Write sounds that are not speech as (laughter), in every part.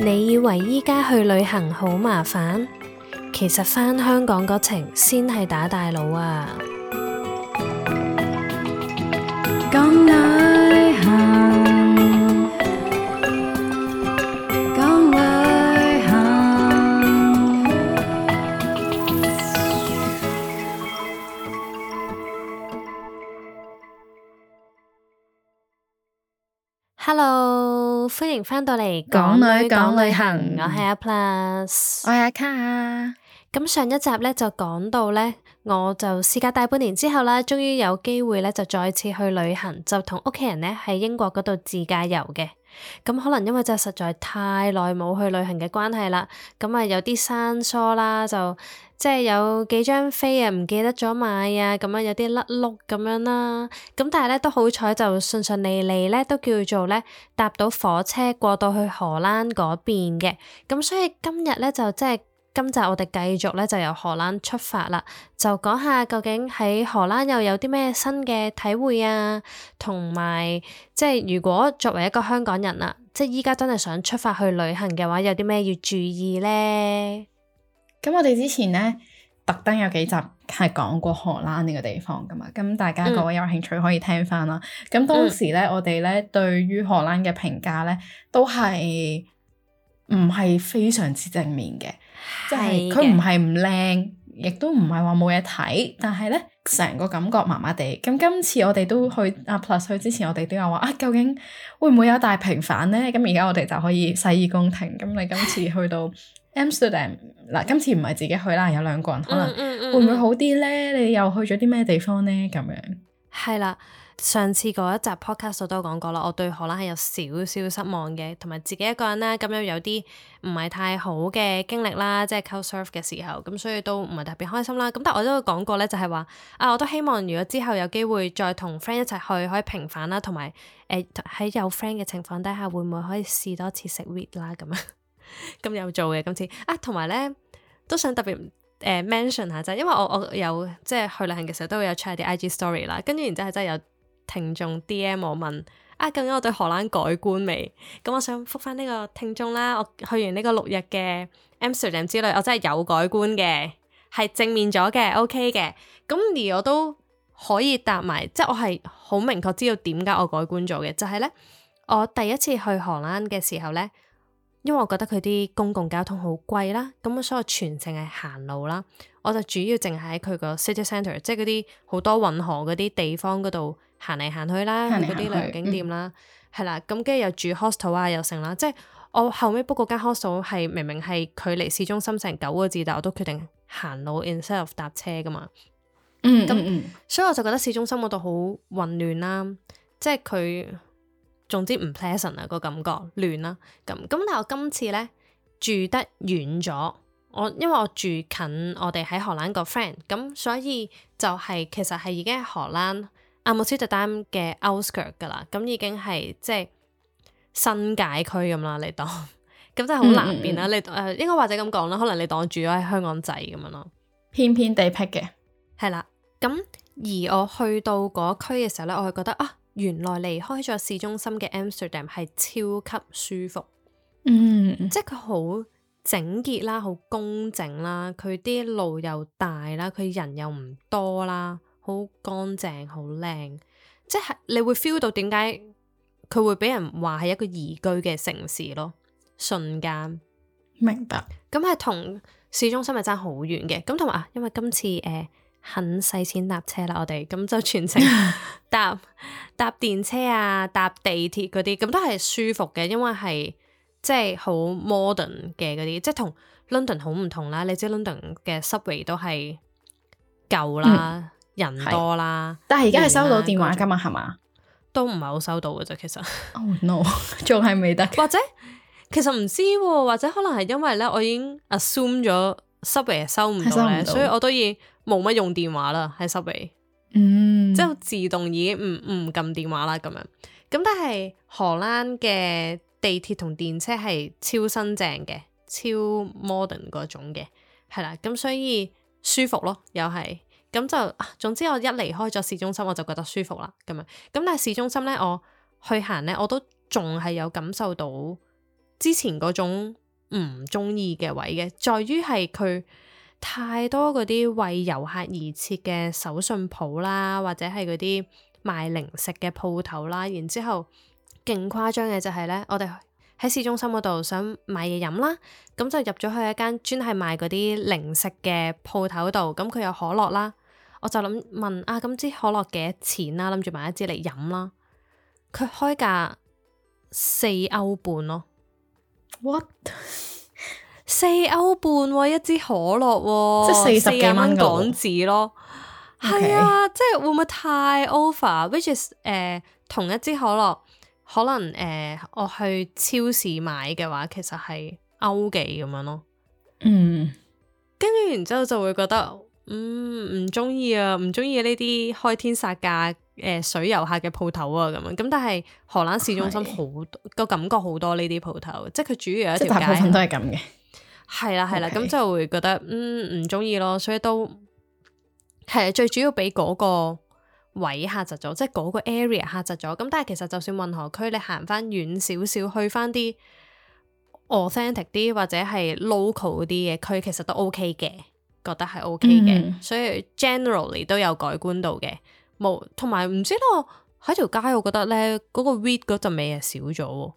你以為依家去旅行好麻煩，其實返香港嗰程先係打大佬啊！翻到嚟港女講旅行，旅行我係阿 Plus，我係阿 Car。咁上一集咧就講到咧，我就事隔大半年之後啦，終於有機會咧就再次去旅行，就同屋企人咧喺英國嗰度自駕遊嘅。咁可能因為就實在太耐冇去旅行嘅關係啦，咁啊有啲生疏啦就。即係有幾張飛啊，唔記得咗買啊，咁樣有啲甩碌咁樣啦。咁但係咧都好彩，就順順利利咧，都叫做咧搭到火車過到去荷蘭嗰邊嘅。咁所以今日咧就即係今集我哋繼續咧就由荷蘭出發啦，就講下究竟喺荷蘭又有啲咩新嘅體會啊，同埋即係如果作為一個香港人啊，即係依家真係想出發去旅行嘅話，有啲咩要注意咧？咁我哋之前咧，特登有幾集係講過荷蘭呢個地方噶嘛，咁大家各位有興趣可以聽翻啦。咁、嗯、當時咧，我哋咧對於荷蘭嘅評價咧，都係唔係非常之正面嘅，即係佢唔係唔靚，亦都唔係話冇嘢睇，但係咧成個感覺麻麻地。咁今次我哋都去阿、啊、Plus 去之前我說說，我哋都有話啊，究竟會唔會有大平反咧？咁而家我哋就可以洗耳恭聽。咁你今次去到。 (laughs) Amsterdam 嗱，今次唔係自己去啦，有兩個人，可能 mm, mm, mm, 會唔會好啲呢？你又去咗啲咩地方呢？咁樣係啦，上次嗰一集 podcast 我都講過啦，我對荷蘭係有少少失望嘅，同埋自己一個人啦，咁樣有啲唔係太好嘅經歷啦，即係 Couchsurf 嘅時候，咁所以都唔係特別開心啦。咁但係我都講過呢，就係話啊，我都希望如果之後有機會再同 friend 一齊去，可以平反啦，同埋誒喺有 friend 嘅情況底下，會唔會可以試多次食 weed 啦咁啊？ (laughs) 咁有做嘅，今次啊，同埋咧都想特別誒、呃、mention 下，就係因為我我有即係去旅行嘅時候都會有出下啲 IG story 啦，跟住然之後真係有聽眾 DM 我問啊，究竟我對荷蘭改觀未？咁、嗯、我想覆返呢個聽眾啦，我去完呢個六日嘅 Amsterdam 之旅，我真係有改觀嘅，係正面咗嘅，OK 嘅。咁而我都可以答埋，即係我係好明確知道點解我改觀咗嘅，就係、是、咧我第一次去荷蘭嘅時候咧。因為我覺得佢啲公共交通好貴啦，咁啊，所以全程係行路啦。我就主要淨係喺佢個 city centre，即係嗰啲好多運河嗰啲地方嗰度行嚟行去啦，嗰啲旅遊景點啦，係啦、嗯。咁跟住又住 hostel 啊，又成啦。即係我後尾 book 間 hostel 係明明係距離市中心成九個字，但我都決定行路 instead of 搭車噶嘛。嗯，嗯，嗯，咁所以我就覺得市中心嗰度好混亂啦，即係佢。總之唔 pleasant 啊、個感覺亂啦咁咁，但係我今次咧住得遠咗，我因為我住近我哋喺荷蘭個 friend，咁所以就係、是、其實係已經喺荷蘭阿姆斯特丹嘅 outskirts 噶啦，咁已經係即係新界區咁啦，你當咁真係好南邊啦，嗯、你誒、呃、應該或者咁講啦，可能你當住咗喺香港仔咁樣咯，偏偏地僻嘅係啦，咁而我去到嗰區嘅時候咧，我係覺得啊～原來離開咗市中心嘅 Amsterdam 係超級舒服，嗯，mm，即係佢好整潔啦，好工整啦，佢啲路又大啦，佢人又唔多啦，好乾淨，好靚，即係你會 feel 到點解佢會俾人話係一個宜居嘅城市咯，瞬間明白。咁係同市中心係爭好遠嘅，咁同埋啊，因為今次誒。呃很使錢搭車啦，我哋咁就全程搭搭電車啊，搭地鐵嗰啲咁都係舒服嘅，因為係即係好 modern 嘅嗰啲，即係同 London 好唔同啦。你知 London 嘅 subway 都係舊啦，嗯、人多啦。但係而家係收到電話㗎嘛，係嘛吧？都唔係好收到嘅啫，其實。Oh no！仲係未得？或者其實唔知、啊，或者可能係因為咧，我已經 assume 咗。Subway 收唔到，所以我都已經冇乜用電話啦，係 Subway，嗯，即係自動已經唔唔撳電話啦，咁樣。咁但係荷蘭嘅地鐵同電車係超新淨嘅，超 modern 嗰種嘅，係啦。咁所以舒服咯，又係咁就，總之我一離開咗市中心，我就覺得舒服啦，咁樣。咁但係市中心呢，我去行呢，我都仲係有感受到之前嗰種。唔中意嘅位嘅，在於係佢太多嗰啲為遊客而設嘅手信鋪啦，或者係嗰啲賣零食嘅鋪頭啦。然之後勁誇張嘅就係呢，我哋喺市中心嗰度想買嘢飲啦，咁就入咗去一間專係賣嗰啲零食嘅鋪頭度。咁佢有可樂啦，我就諗問啊，咁支可樂幾錢啦？諗住買一支嚟飲啦，佢開價四歐半咯。What? 四 (laughs) 歐半、啊、一支可樂、啊、即係四十幾蚊港紙咯，係 (laughs) 啊，即係會唔會太 over？Which is 誒、呃、同一支可樂可能誒、呃、我去超市買嘅話，其實係歐幾咁樣咯。嗯，跟住然之後就會覺得。嗯，唔中意啊，唔中意呢啲開天殺價、誒、呃、水遊客嘅鋪頭啊，咁樣咁。但係荷蘭市中心好多個是感覺好多呢啲鋪頭，即係佢主要有一條街，都係咁嘅。係啦、啊，係啦、啊，咁 Okay. 就會覺得，嗯，唔中意咯。所以都係、啊、最主要俾嗰個位嚇窒咗，即係嗰個 area 嚇窒咗。咁但係其實就算運河區，你行翻遠少少，去翻啲 authentic 啲或者係 local 啲嘅區，其實都 OK 嘅。覺得係 O K 嘅，嗯、所以 Generally 都有改觀到嘅，冇同埋，唔知咯，喺條街，我覺得咧嗰個 weed 嗰陣味係少咗，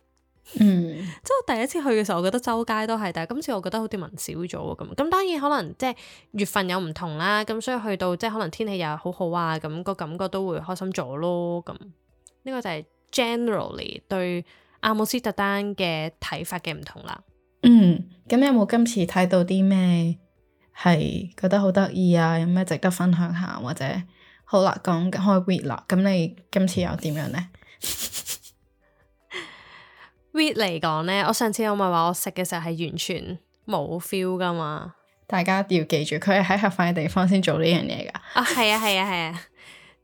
嗯，即係 (laughs) 我第一次去嘅時候，我覺得周街都係，但係今次我覺得好似聞少咗咁，咁當然可能即係月份有唔同啦，咁所以去到即係可能天氣又好好啊，咁、個感覺都會開心咗咯，咁呢個就係 Generally 對阿姆斯特丹嘅睇法，嘅唔同啦。嗯，咁你有冇今次睇到啲咩？係覺得好得意啊！有咩值得分享下，或者好啦，講開 weed 啦，咁你今次又點樣呢？weed 嚟講呢， (laughs) 我上次我咪話我食嘅時候係完全冇 feel 噶嘛？大家要記住，佢係喺合法嘅地方先做呢樣嘢噶。 (laughs) (laughs) oh，啊，係啊，係啊，係啊！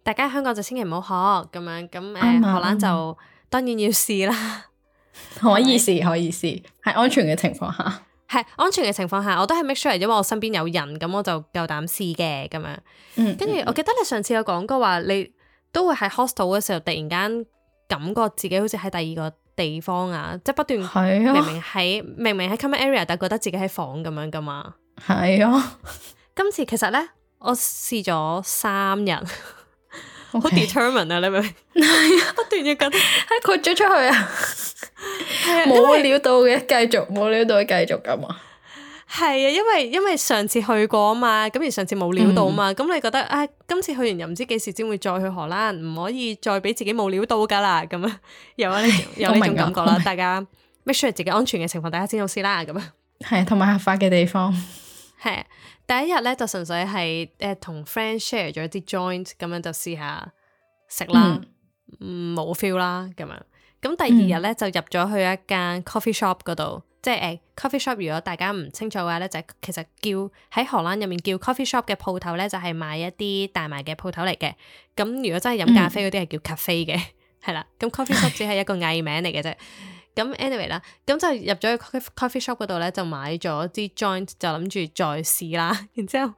大家香港就千祈唔好學咁樣，咁誒，啊嗯啊、荷蘭就當然要試啦 (laughs) 可試，可以試，可以試，喺安全嘅情況下。係安全嘅情況下，我都係 make sure，因為我身邊有人，咁我就夠膽試嘅咁樣。跟住，嗯，我記得你上次有講過話，你都會喺 hostel 嘅時候，突然間感覺自己好似喺第二個地方啊，啊即係不斷明明喺明明喺 common area，但係覺得自己喺房咁樣噶嘛。係啊，今次其實咧，我試咗三日，好 okay. (laughs) determined 啊！你明唔明？ (laughs) (laughs) 我突然間喺 cut 咗出去啊！ (laughs) 冇料 (laughs) 到嘅，繼續冇料到嘅，繼續咁啊！係啊，因為因為上次去過啊嘛，咁而上次冇料到嘛，咁、嗯、你覺得啊，今次去完又唔知幾時先會再去荷蘭，唔可以再俾自己冇料到噶啦，咁 (laughs) 啊有啊，有呢種感覺啦。 (laughs) 大家 make sure 自己安全嘅情況，大家先好試啦，咁啊係啊，同埋合法嘅地方係 (laughs) 第一日咧，就純粹係誒同 friend share 咗啲 joint，咁樣就試下食啦，冇 feel 啦咁樣。咁第二日咧、嗯、就入咗去一間 coffee shop 嗰度，即係誒 coffee shop。如果大家唔清楚嘅話咧，就係、其實叫喺荷蘭入面叫 coffee shop 嘅鋪頭咧，就係賣一啲大賣嘅鋪頭嚟嘅。咁如果真係飲咖啡嗰啲係叫 cafe 嘅，係啦、嗯。咁 coffee shop 只係一個藝名嚟嘅啫。咁 (laughs) anyway 啦，咁就入咗去 coffee shop 嗰度咧，就買咗啲 joint，就諗住再試啦。然之後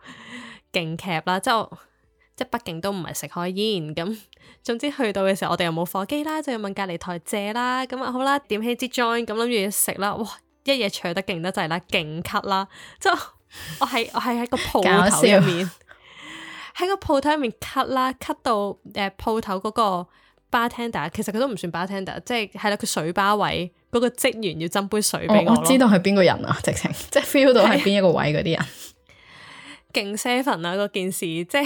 勁劇啦，之後～即係畢竟都唔係食開煙咁，總之去到嘅時候，我哋又冇火機啦，就要問隔籬台借啦。咁啊好啦，點起支 joint 咁諗住食啦。哇，一嘢除得勁得滯啦，勁咳啦，之後我係我係喺個鋪頭入面，喺搞笑 個鋪頭入面咳啦，咳到誒鋪頭嗰個 bartender，其實佢都唔算 bartender，即係係啦，佢水吧位嗰，嗰個職員要斟杯水俾我，我。我知道係邊個人啊，直情即係 feel 到係邊一個位嗰啲人，勁 seven 啊，嗰件事即係。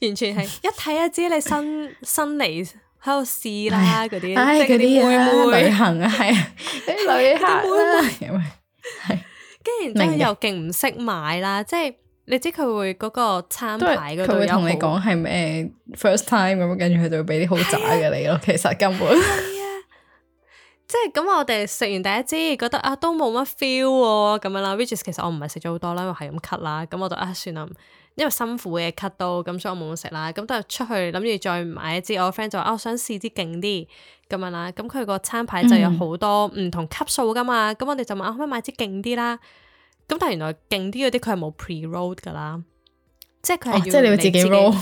完全係一睇一知你新新嚟喺度試啦嗰啲，唉，係啲妹妹旅行啊，係啲旅客啦，係跟住然又勁唔識買啦，即係你知佢會嗰個餐牌嗰度會同你講係咪 first time 咁，跟住佢就會俾啲好渣嘅你咯。其實根本係啊，即係咁我哋食完第一支覺得啊都冇乜 feel 喎，咁樣啦，which is 其實我唔係食咗好多啦，因為係咁 cut 啦，咁我就啊算啦。因為辛苦嘅 cut 到，咁所以我冇食啦。咁但係出去諗住再買一支，我個 friend 就啊，我想試支勁啲咁樣啦。咁佢個餐牌就有好多唔同級數噶嘛。咁我哋就問可唔可以買支勁啲啦？咁但係原來勁啲嗰啲佢係冇 pre roll 噶啦，即係佢係要你會自己 roll。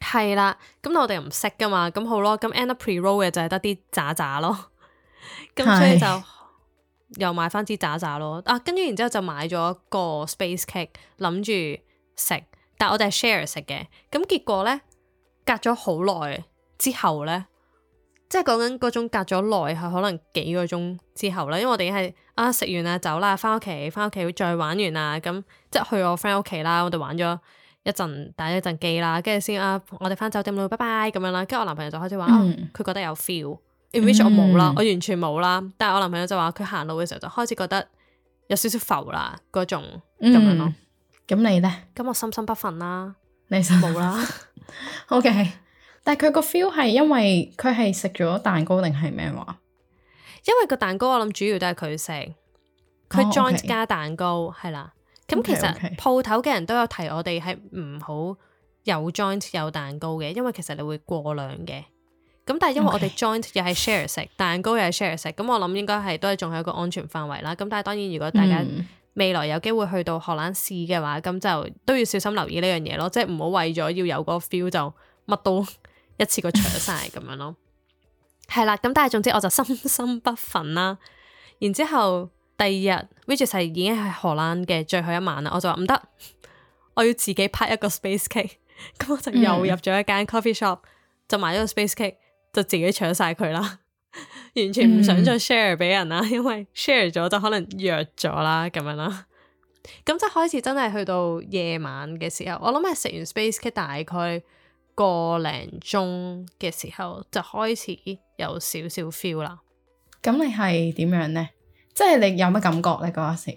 係啦，咁我哋又唔識噶嘛。咁好咯，咁 end up pre roll 嘅就係得啲渣渣咯。咁所以就又買翻支渣渣咯。啊，跟住然之後就買咗一個 space cake，諗住。食，但我哋係 share 食嘅，咁結果呢，隔咗好耐之後呢，即係講緊嗰種隔咗耐，係可能幾個鐘之後啦，因為我哋已經係啊食完啦，走啦，翻屋企，翻屋企再玩完啦，咁即係去我 friend 屋企啦，我哋玩咗一陣打咗一陣機啦，跟住先啊，我哋翻酒店啦，拜拜咁樣啦，跟住我男朋友就開始話，佢、嗯啊、覺得有 feel，image、嗯、我冇啦，嗯、我完全冇啦，但係我男朋友就話佢行路嘅時候就開始覺得有少少浮啦嗰種咁樣咯。嗯嗯咁你呢？咁我心心不忿啦，你就冇啦。 (laughs) okay，但係佢個 feel 係因為佢係食咗蛋糕定係咩話？因為個蛋糕我諗主要都係佢食，佢 joint 加蛋糕係啦。咁 Okay, okay. 其實鋪頭嘅人都有提我哋係唔好有 joint 有蛋糕嘅，因為其實你會過量嘅。咁但係因為我哋 joint 又係 share 食，Okay. 蛋糕又係 share 食，咁我諗應該係都係仲係一個安全範圍啦。咁但係當然如果大家、嗯。未來有機會去到荷蘭試嘅話，咁就都要小心留意呢樣嘢咯，即係唔好為咗要有個 feel 就乜都一次過搶晒，咁 (laughs) 樣咯。係啦，咁但係總之我就心心不憤啦。然之後第二日，which 就係已經係荷蘭嘅最後一晚啦。我就話唔得，我要自己拍一個 space cake。咁 (laughs) 我就又入咗一間 coffee shop，嗯、就買咗個 space cake，就自己搶晒佢啦。 (laughs) 完全唔想再 share 俾人啦，嗯、因為 share 咗就可能弱咗啦，咁樣啦。咁 (laughs) 即係開始真係去到夜晚嘅時候，我諗係食完 Space Cake 大概個零鐘嘅時候就開始有少少 feel 啦。咁你係點樣呢？即係你有咩感覺呢？嗰時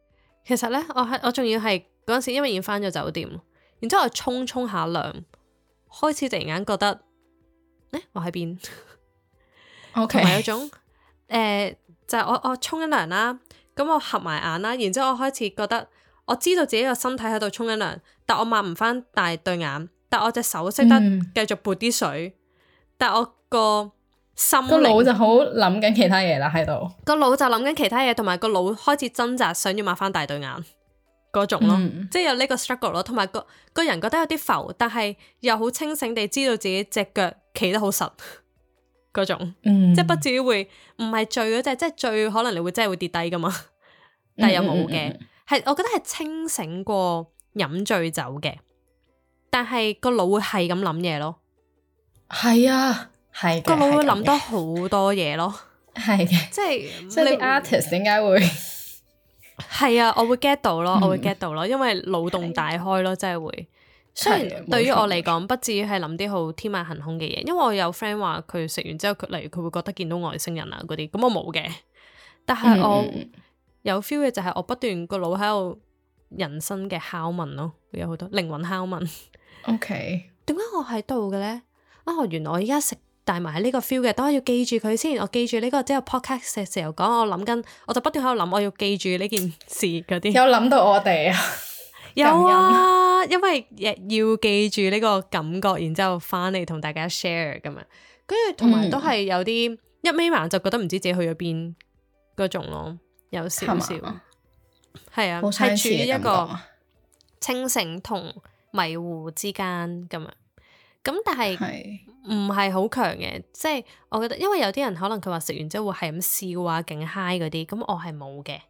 (laughs) 其實呢，我係我仲要係嗰陣時，因為已經翻咗酒店，然之後我沖冲下涼，開始突然間覺得咧、欸、我喺邊。 (laughs) 同埋 Okay. 有種誒、呃，就係、是、我我沖緊涼啦，咁我合埋眼啦，然之後我開始覺得我知道自己個身體喺度沖緊涼，但我擘唔翻大對眼，但我隻手識得繼續撥啲水，嗯、但我個心靈、嗯、就好諗緊其他嘢啦喺度。個腦就諗緊其他嘢，同埋個腦開始掙扎，想要擘翻大對眼嗰種咯，嗯、即係有呢個 struggle 咯，同埋個個人覺得有啲浮，但係又好清醒地知道自己隻腳企得好實。嗰種，嗯、即係不至於會唔係醉嗰隻，即係醉，可能你會真係會跌低噶嘛，但係又冇嘅，係、嗯嗯、我覺得係清醒過飲醉酒嘅，但係個腦會係咁諗嘢咯，係啊，係個腦會諗多好多嘢咯，係嘅的，即係即係啲 artist 點解會係 (laughs) 啊，我會 get 到咯，我會 get 到咯，嗯、因為腦洞大開咯，真係會。雖然對於我嚟講，錯不至於係諗啲好天馬行空嘅嘢，因為我有 friend 話佢食完之後，佢例如佢會覺得見到外星人啊嗰啲，咁我冇嘅。但係我，我有 feel 嘅就係我不斷個腦喺度，嗯、人生嘅拷問咯，會有好多靈魂拷問。OK，點解我喺度嘅咧？啊 Okay.、哦，原來我而家食大麻喺呢個 feel 嘅，等我要記住佢先。我記住呢、這個，即、就、係、是、podcast 嘅時候講，我諗緊我就不斷喺度諗，我要記住呢件事嗰啲。有諗到我哋啊！ (laughs) 有啊，因為要記住呢個感覺，然之後翻嚟同大家 share 咁啊，跟住同埋都係有啲、嗯、一眯埋就覺得唔知自己去咗邊嗰種咯，有少少係嗎啊，係處於一個清醒同迷糊之間咁啊，咁但係唔係好強嘅，是即係我覺得，因為有啲人可能佢話食完之後會係咁笑啊，勁 high 嗰啲，咁我係冇嘅。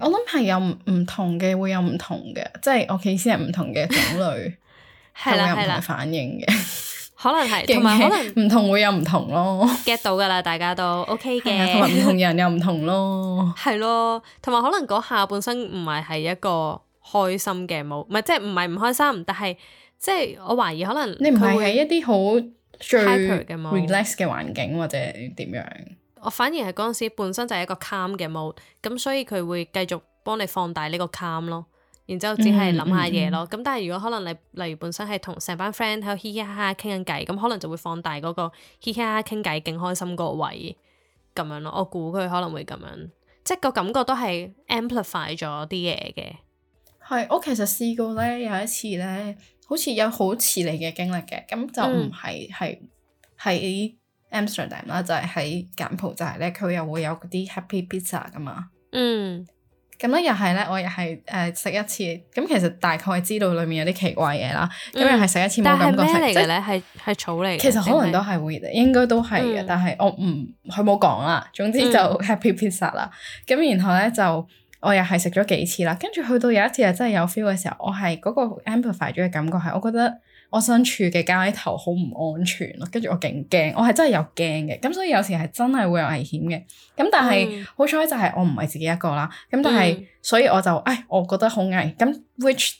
我諗係有唔同嘅，會有唔同嘅，即係我意思係唔同嘅種類，係啦係啦，反應嘅， (laughs) 可能係，同埋可能唔 (laughs) 同會有唔同咯。get 到噶啦，大家都 OK 嘅，同埋唔同人又唔同咯。係咯， (laughs) 同埋可能嗰下本身唔係係一個開心嘅冇，唔係即係唔係唔開心，但係即係我懷疑可能你唔係喺一啲好最 relax 嘅環境或者點樣。我反而係嗰陣時本身就係一個 calm 嘅 mode，咁所以佢會繼續幫你放大呢個 calm 咯，然之後只係諗下嘢咯。咁、嗯、但係如果可能你例如本身係同成班 friend 喺度嘻嘻哈哈傾緊偈，咁可能就會放大嗰個嘻嘻哈哈傾偈勁開心嗰位咁樣咯。我估佢可能會咁樣，即係個感覺都係 amplify 咗啲嘢嘅。係，我其實試過咧，有一次咧，好似有好似你嘅經歷嘅，咁就唔係係喺。嗯 Amsterdam 啦，就係喺柬埔寨咧，佢又會有啲 Happy Pizza 噶嘛。嗯，咁咧又係咧，我又係誒食一次，咁其實大概知道裡面有啲奇怪嘢啦。咁、嗯、又係食一次冇、嗯、感覺食。但係咩嚟嘅咧？係係即草嚟。其實可能都係會，是應該都係嘅。嗯、但係我唔，佢冇講啦。總之就 Happy Pizza 啦。咁、嗯、然後咧就，我又係食咗幾次啦。跟住去到有一次係真係有 feel 嘅時候，我係嗰個 amplify 咗嘅感覺係，我覺得。我身處嘅街頭好唔安全咯，跟住我勁驚，我係真係有驚嘅，咁所以有時係真係會有危險嘅，咁但係、嗯、好彩就係我唔係自己一個啦，咁但係、嗯、所以我就，唉，我覺得好危，咁 which。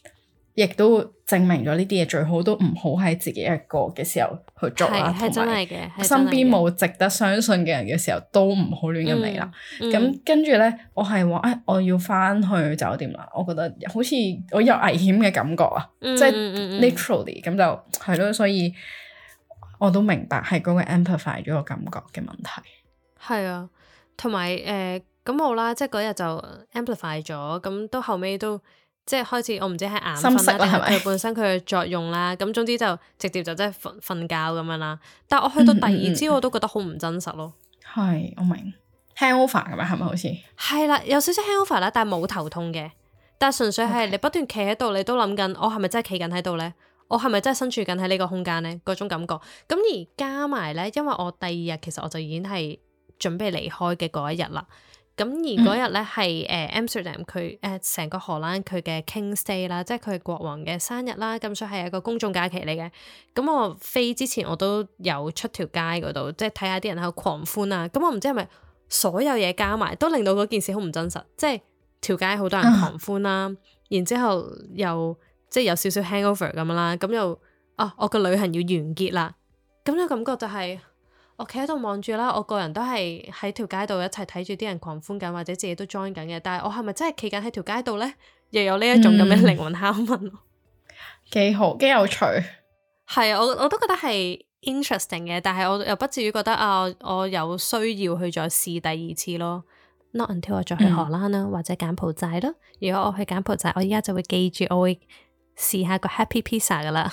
亦都證明咗呢啲嘢最好都唔好喺自己一個嘅時候去做啦，係真係嘅，真真。身邊冇值得相信嘅人嘅時候都唔好亂咁嚟啦。咁，嗯嗯，跟住咧，我係話誒，我要翻去酒店啦。我覺得好似我有危險嘅感覺啊，嗯，即係 literally 咁就係咯。所以我都明白係嗰個 amplify 咗個感覺嘅問題。係啊，嗯，同埋誒咁好啦，即係嗰日就 amplify 咗，咁到後尾都。即係開始我，我唔知係眼瞓啦，定係佢本身佢嘅作用啦？咁 (laughs) 總之就直接就即係瞓瞓覺咁樣啦。但我去到第二朝，嗯嗯嗯我都覺得好唔真實咯。係我明 hangover 噶嘛，係咪好似？係啦，有少少 hangover 啦，但係冇頭痛嘅。但係純粹係你不斷企喺度，你都諗緊，我係咪真係企緊喺度咧？我係咪真係身處緊喺呢個空間咧？嗰種感覺。咁而加埋咧，因為我第二日其實我就已經係準備離開嘅嗰一日啦。咁而嗰日咧係 Amsterdam，佢誒成個荷蘭佢嘅 King’s Day 啦，即係佢國王嘅生日啦，咁所以係一個公眾假期嚟嘅。咁我飛之前我都有出條街嗰度，即係睇下啲人喺度狂歡啊。咁我唔知係咪所有嘢加埋都令到嗰件事好唔真實，即係條街好多人狂歡啦、啊，uh huh. 然之後又即係有少少 hangover 咁啦，咁又啊我個旅行要完結啦，咁嘅感覺就係、是。我企喺度望住啦，我個人都係喺條街度一齊睇住啲人狂歡緊，或者自己都 join 緊嘅。但係我係咪真係企緊喺條街度呢？又有呢一種咁嘅靈魂拷問，幾、嗯、好幾有趣。係 (laughs) 啊，我我都覺得係 interesting 嘅，但係我又不至於覺得啊，我有需要去再試第二次咯。Not until 我再去荷蘭啦，嗯、或者柬埔寨咯。如果我去柬埔寨，我依家就會記住我會試下個 Happy Pizza 噶啦。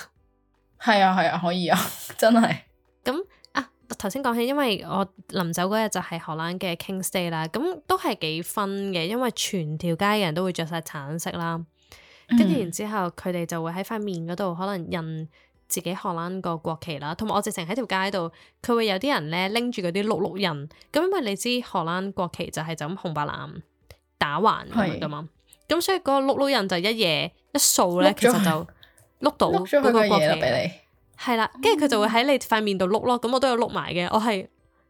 係啊，係啊，可以啊，真係咁。 (laughs) 頭先講起，因為我臨走嗰日就係荷蘭嘅 King’s Day 啦，咁都係幾 fun 嘅，因為全條街嘅人都會着晒橙色啦，跟住、嗯、然之後佢哋就會喺塊面嗰度可能印自己荷蘭個國旗啦，同埋我直情喺條街度，佢會有啲人咧拎住嗰啲碌碌印，咁因為你知荷蘭國旗就係就咁紅白藍打橫噶嘛，咁是所以嗰個碌碌印就一夜一掃咧，了其實就碌到嗰個國旗俾你。係啦，跟住佢就會喺你塊面度碌咯，咁、嗯、我都有碌埋嘅，我係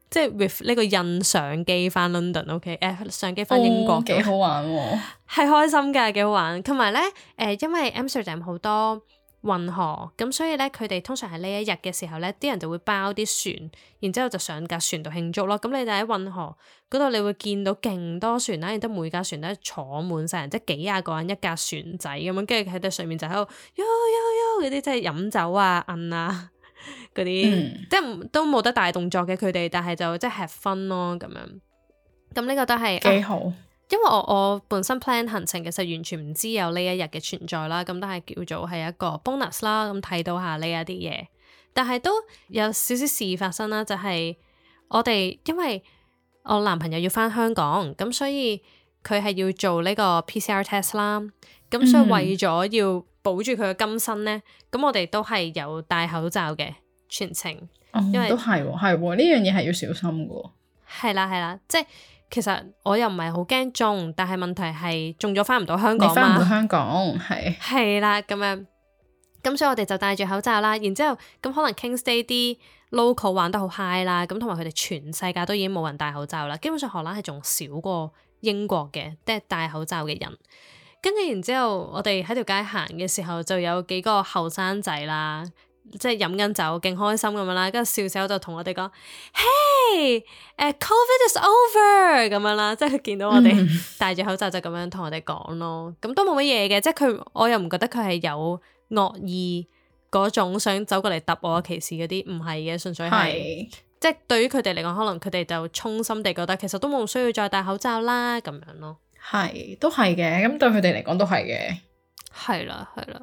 即係 with 呢個印相機翻 London，OK？誒，相機翻英國嘅，哦、幾好玩喎，係 (laughs) 開心嘅，幾好玩，同埋咧誒，因為 Amsterdam 好多。運河咁，所以咧佢哋通常係呢一日嘅時候咧，啲人就會包啲船，然之後就上架船度慶祝咯。咁你就喺運河嗰度，你會見到勁多船啦，亦都每架船咧坐滿曬人，即係幾廿個人一架船仔咁樣，跟住喺對上面就喺度，喲喲喲嗰啲即係飲酒啊、摁、嗯、啊嗰啲，嗯、即係都冇得大動作嘅佢哋，但係就即係吃分 p p 咯咁樣。咁呢個都係幾好。啊因為我我本身 plan 行程其實完全唔知有呢一日嘅存在啦，咁都係叫做係一個 bonus 啦。咁睇到下呢一啲嘢，但係都有少少事發生啦。就係、是、我哋因為我男朋友要返香港，咁所以佢係要做呢個 PCR test 啦。咁所以為咗要保住佢嘅金身咧，咁、嗯、我哋都係有戴口罩嘅全程。因哦，都係喎，係呢樣嘢係要小心噶。係啦，係啦，係啦，即係。其實我又唔係好驚中，但係問題係中咗翻唔到香港嘛。你翻唔到香港係，係啦咁樣咁，所以我哋就戴住口罩啦。然之後咁可能 King's Day 啲 local 玩得好 high 啦，咁同埋佢哋全世界都已經冇人戴口罩啦。基本上荷蘭係仲少過英國嘅都係戴口罩嘅人。跟住然之後，我哋喺條街行嘅時候，就有幾個後生仔啦。即係飲緊酒，勁開心咁樣啦，跟住笑笑就同我哋講，Hey，誒，Covid is over 咁樣啦。即係佢見到我哋戴住口罩就咁樣同我哋講咯。咁、嗯、都冇乜嘢嘅，即係佢，我又唔覺得佢係有惡意嗰種想走過嚟揼我歧視嗰啲，唔係嘅，純粹係，是即係對於佢哋嚟講，可能佢哋就衷心地覺得，其實都冇需要再戴口罩啦，咁樣咯。係，都係嘅。咁對佢哋嚟講都係嘅。係啦，係啦。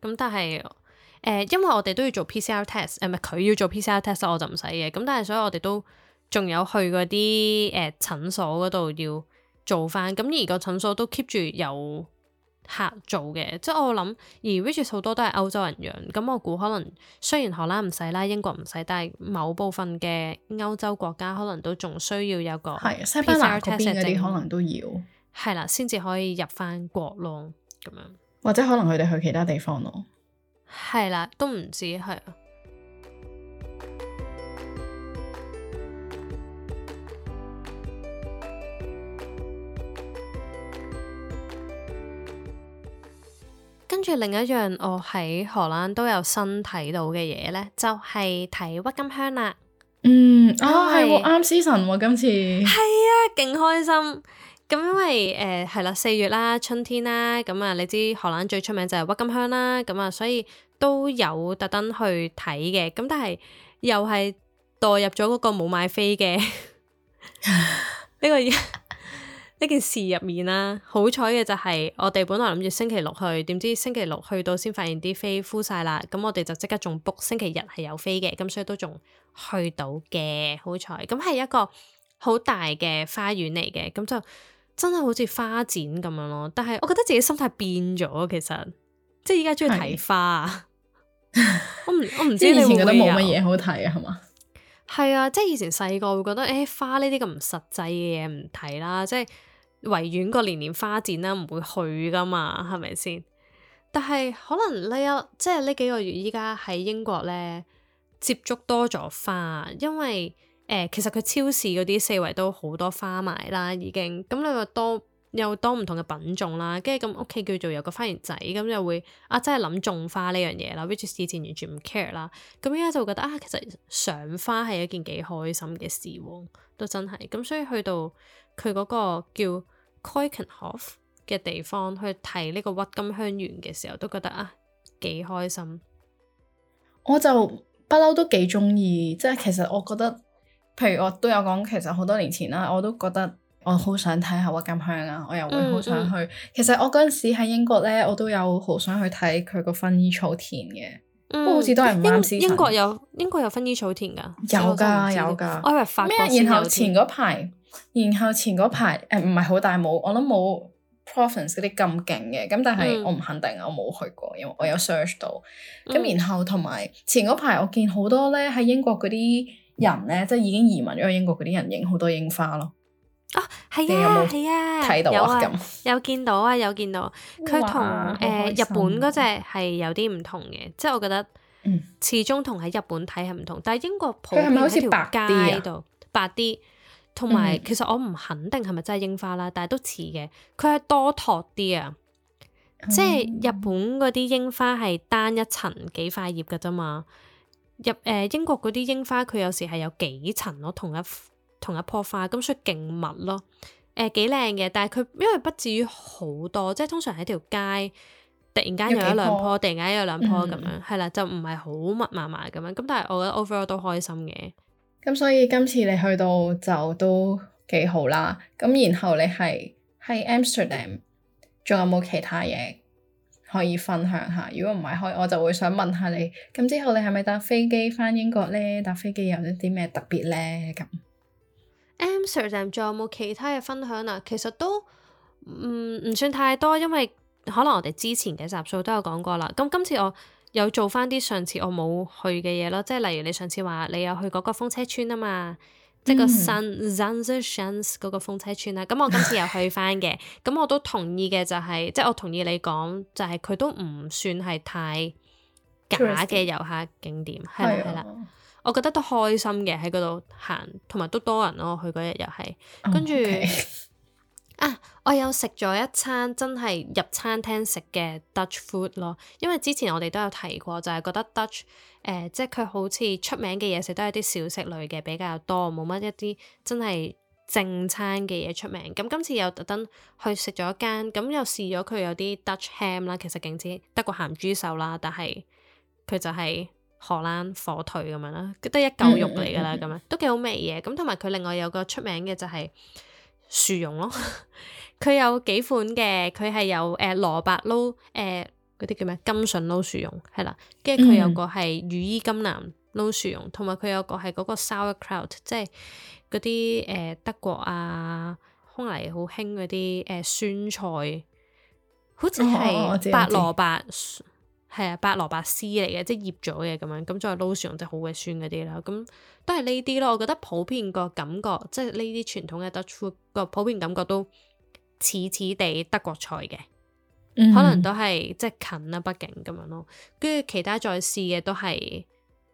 咁，但係。誒，因為我哋都要做 PCR test，誒，唔係佢要做 PCR test，我就唔使嘅。咁但係，所以我哋都仲有去嗰啲誒診所嗰度要做翻。咁而個診所都 keep 住有客做嘅，即係我諗，而 which 好多都係歐洲人樣。咁我估可能雖然荷蘭唔使啦，英國唔使，但係某部分嘅歐洲國家可能都仲需要有個 PCR test，係啊，可能都要。係啦，先至可以入翻國咯，咁樣。或者可能佢哋去其他地方咯。係啦，都唔知係。 (music) 跟住另一樣，我喺荷蘭都有新睇到嘅嘢呢，就係睇鬱金香啦。嗯，啊係喎，啱 season 喎，今次。係啊，勁開心。咁因為誒係、呃、啦，四月啦，春天啦，咁、嗯、啊，你知荷蘭最出名就係鬱金香啦，咁、嗯、啊，所以都有特登去睇嘅。咁但係又係墮入咗嗰個冇買飛嘅呢個呢 (laughs) 件事入面啦、啊。好彩嘅就係我哋本來諗住星期六去，點知星期六去到先發現啲飛枯晒啦。咁、嗯、我哋就即刻仲 book 星期日係有飛嘅，咁、嗯、所以都仲去到嘅。好彩咁係一個好大嘅花園嚟嘅，咁、嗯、就～真係好似花展咁樣咯，但係我覺得自己心態變咗，其實即係依家中意睇花。是的 (laughs) 我唔我唔知你以前覺得冇乜嘢好睇啊，係嘛？係啊，即係以前細個會覺得誒、欸、花呢啲咁唔實際嘅嘢唔睇啦，即係維園個年年花展啦，唔會去噶嘛，係咪先？但係可能呢一即係呢幾個月依家喺英國咧接觸多咗花，因為。誒，其實佢超市嗰啲四圍都好多花賣啦，已經咁你又多又多唔同嘅品種啦，跟住咁屋企叫做有個花園仔咁就會啊，真係諗種花呢樣嘢啦。which 以前完全唔 care 啦，咁而家就覺得啊，其實賞花係一件幾開心嘅事喎，都真係。咁所以去到佢嗰個叫 Keukenhof 嘅地方去睇呢個鬱金香園嘅時候，都覺得啊幾開心。我就不嬲都幾中意，即係其實我覺得。譬如我都有講，其實好多年前啦，我都覺得我好想睇下鬱金香啊，我又會好想去。嗯嗯、其實我嗰陣時喺英國咧，我都有好想去睇佢個薰衣草田嘅，嗯、不過好似都係唔啱 season。英，英國有英國有薰衣草田噶？有噶的有噶的。有的我以為法國先有。然後前嗰排，然後前嗰排誒唔係好大冇，我諗冇 Provence 嗰啲咁勁嘅。咁但係我唔肯定，我冇去過，因為我有 search 到。咁、嗯、然後同埋前嗰排，我見好多咧喺英國嗰啲。人咧，即係已經移民咗去英國嗰啲人，影好多櫻花咯。哦，係啊，係啊，睇到見啊咁，有見到啊，有見到。佢同誒日本嗰隻係有啲唔同嘅，即係我覺得，始終同喺日本睇係唔同。但係英國普遍係咪好似白啲啊？白啲。同埋、嗯、其實我唔肯定係咪真係櫻花啦，但係都似嘅。佢係多托啲啊，嗯、即係日本嗰啲櫻花係單一層幾塊葉嘅啫嘛。入誒、呃、英國嗰啲櫻花，佢有時係有幾層咯，同一同一棵花，咁所以勁密咯，誒幾靚嘅，但係佢因為不至於好多，即係通常喺條街突然間有一兩棵，突然間有兩棵咁樣，係啦、嗯，就唔係好密麻麻咁樣，咁但係我覺得 overall 都開心嘅。咁所以今次你去到就都幾好啦，咁然後你係喺 Amsterdam，仲有冇其他嘢？可以分享下，如果唔係，我就會想問下你咁之後你係咪搭飛機返英國呢？搭飛機有啲啲咩特別呢？咁 Amsterdam 就係仲有冇其他嘅分享啊？其實都唔唔、嗯、算太多，因為可能我哋之前嘅集數都有講過啦。咁今次我有做翻啲上次我冇去嘅嘢咯，即係例如你上次話你有去過嗰個風車村啊嘛。即係個 Zaan，Zaanse Schans 嗰個風車村啦。咁我今次又去翻嘅，咁 (laughs) 我都同意嘅、就係，就係即係我同意你講，就係、係、佢都唔算係太假嘅遊客景點，係啦係啦。 (laughs) 我覺得都開心嘅喺嗰度行，同埋都多人咯。我去嗰日又係跟住。Okay. (laughs) 啊！我有食咗一餐，真係入餐廳食嘅 Dutch food 咯。因為之前我哋都有提過，就係、是、覺得 Dutch 誒、呃，即係佢好似出名嘅嘢食都係啲小食類嘅比較多，冇乜一啲真係正餐嘅嘢出名。咁今次又特登去食咗一間，咁又試咗佢有啲 Dutch ham 啦，其實勁似德國鹹豬手啦，但係佢就係荷蘭火腿咁樣啦，得一嚿肉嚟㗎啦，咁樣都幾好味嘅。咁同埋佢另外有個出名嘅就係、是，薯蓉咯，佢有幾款嘅，佢係有誒蘿蔔撈誒嗰啲叫咩甘筍撈薯蓉，係啦，跟住佢有個係羽衣甘藍撈薯蓉，同埋佢有，有個係嗰個 sauerkraut，即係嗰啲誒德國啊，空嚟好興嗰啲誒酸菜，好似係白蘿蔔。哦。係啊，白蘿蔔絲嚟嘅，即係醃咗嘅咁樣，咁再撈上，即係好鬼酸嗰啲啦。咁都係呢啲咯。我覺得普遍個感覺，即係呢啲傳統嘅 Dutch food 個普遍感覺都似似地德國菜嘅，嗯、哼可能都係即係近啦，畢竟咁樣咯。跟住其他再試嘅都係，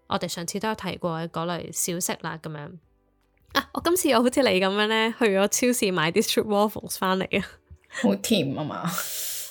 我哋上次都有提過嗰類小食啦咁樣。啊！我今次又好似你咁樣咧，去咗超市買啲 stroopwafels 翻嚟啊！好甜啊嘛～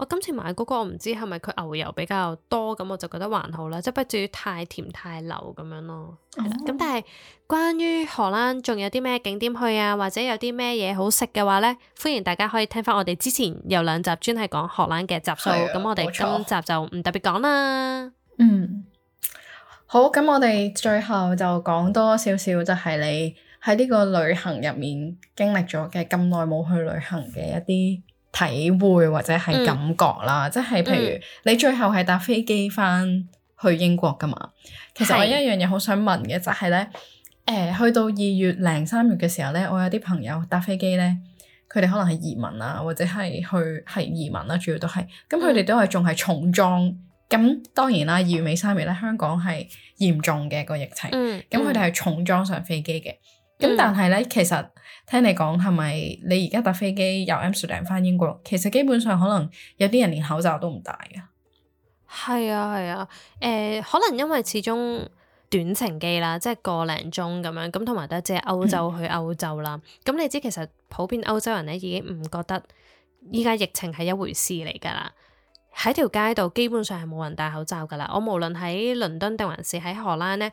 我今次買嗰個，我唔知係咪佢牛油比較多，咁我就覺得還好啦，即係不至於太甜太流咁樣咯。咁，哦，但係關於荷蘭仲有啲咩景點去啊，或者有啲咩嘢好食嘅話呢，歡迎大家可以聽翻我哋之前有兩集專係講荷蘭嘅集數，咁，啊，我哋今集就唔特別講啦。嗯，好，咁我哋最後就講多少少，就係你喺呢個旅行入面經歷咗嘅，咁耐冇去旅行嘅一啲體會或者係感覺啦，嗯、即係譬如、嗯、你最後係搭飛機翻去英國噶嘛？其實我一樣嘢好想問嘅就係、是、咧，誒的、呃、去到二月零三月嘅時候咧，我有啲朋友搭飛機咧，佢哋可能係移民啊，或者係去係移民啦，主要都係，咁佢哋都係仲係重裝。咁、嗯、當然啦，二月尾三月咧，香港係嚴重嘅個疫情，咁佢哋係重裝上飛機嘅。咁、嗯嗯、但係咧，其實。聽你講，係咪你而家搭飛機由 Amsterdam 返英國？其實基本上可能有啲人連口罩都唔戴㗎。係啊係啊，誒、啊呃、可能因為始終短程機啦，即係個零鐘咁樣，咁同埋得係即係歐洲去歐洲啦。咁、嗯、你知其實普遍歐洲人咧已經唔覺得依家疫情係一回事嚟㗎啦。喺條街度基本上係冇人戴口罩㗎啦。我無論喺倫敦定還是喺荷蘭咧，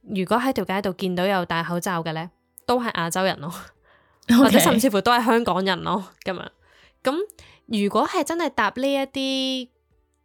如果喺條街度見到有戴口罩嘅咧。都係亞洲人咯，Okay. 或者甚至乎都係香港人咯咁樣。咁如果係真係搭呢一啲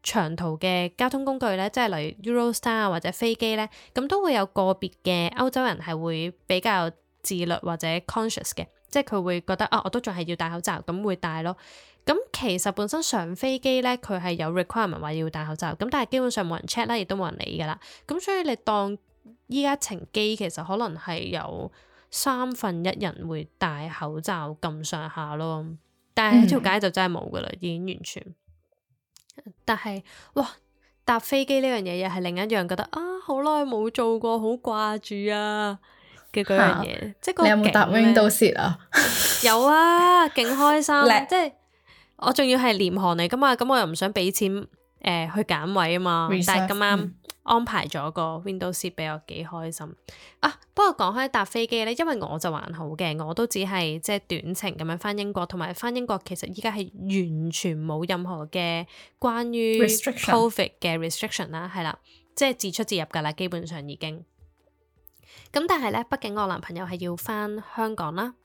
長途嘅交通工具呢，即係例如 Eurostar 或者飛機呢，咁都會有個別嘅歐洲人係會比較自律或者 conscious 嘅，即係佢會覺得啊，我都仲係要戴口罩，咁會戴咯。咁其實本身上飛機呢，佢係有 requirement 話要戴口罩，咁但係基本上冇人 check 啦，亦都冇人理噶啦。咁所以你當依家乘機其實可能係有。三分一人會戴口罩咁上下咯，但係喺條街就真係冇噶啦，嗯、已經完全。但係哇，搭飛機呢樣嘢又係另一樣，覺得啊，好耐冇做過，好掛住啊嘅嗰樣嘢。哈即係你有冇搭 Window (laughs) Seat 啊？有啊，勁開心！ (laughs) 即係我仲要係廉航嚟噶嘛，咁我又唔想俾錢誒、呃、去揀位啊嘛，但係咁啱。安排咗個 Windows 俾我，幾開心啊！不過講開搭飛機呢，因為我就還好嘅，我都只係即係短程咁樣翻英國，同埋翻英國其實依家係完全冇任何嘅關於 COVID 嘅 restriction 啦，係 restriction 啦，即係自出自入噶啦，基本上已經咁。但係呢，畢竟我男朋友係要翻香港啦，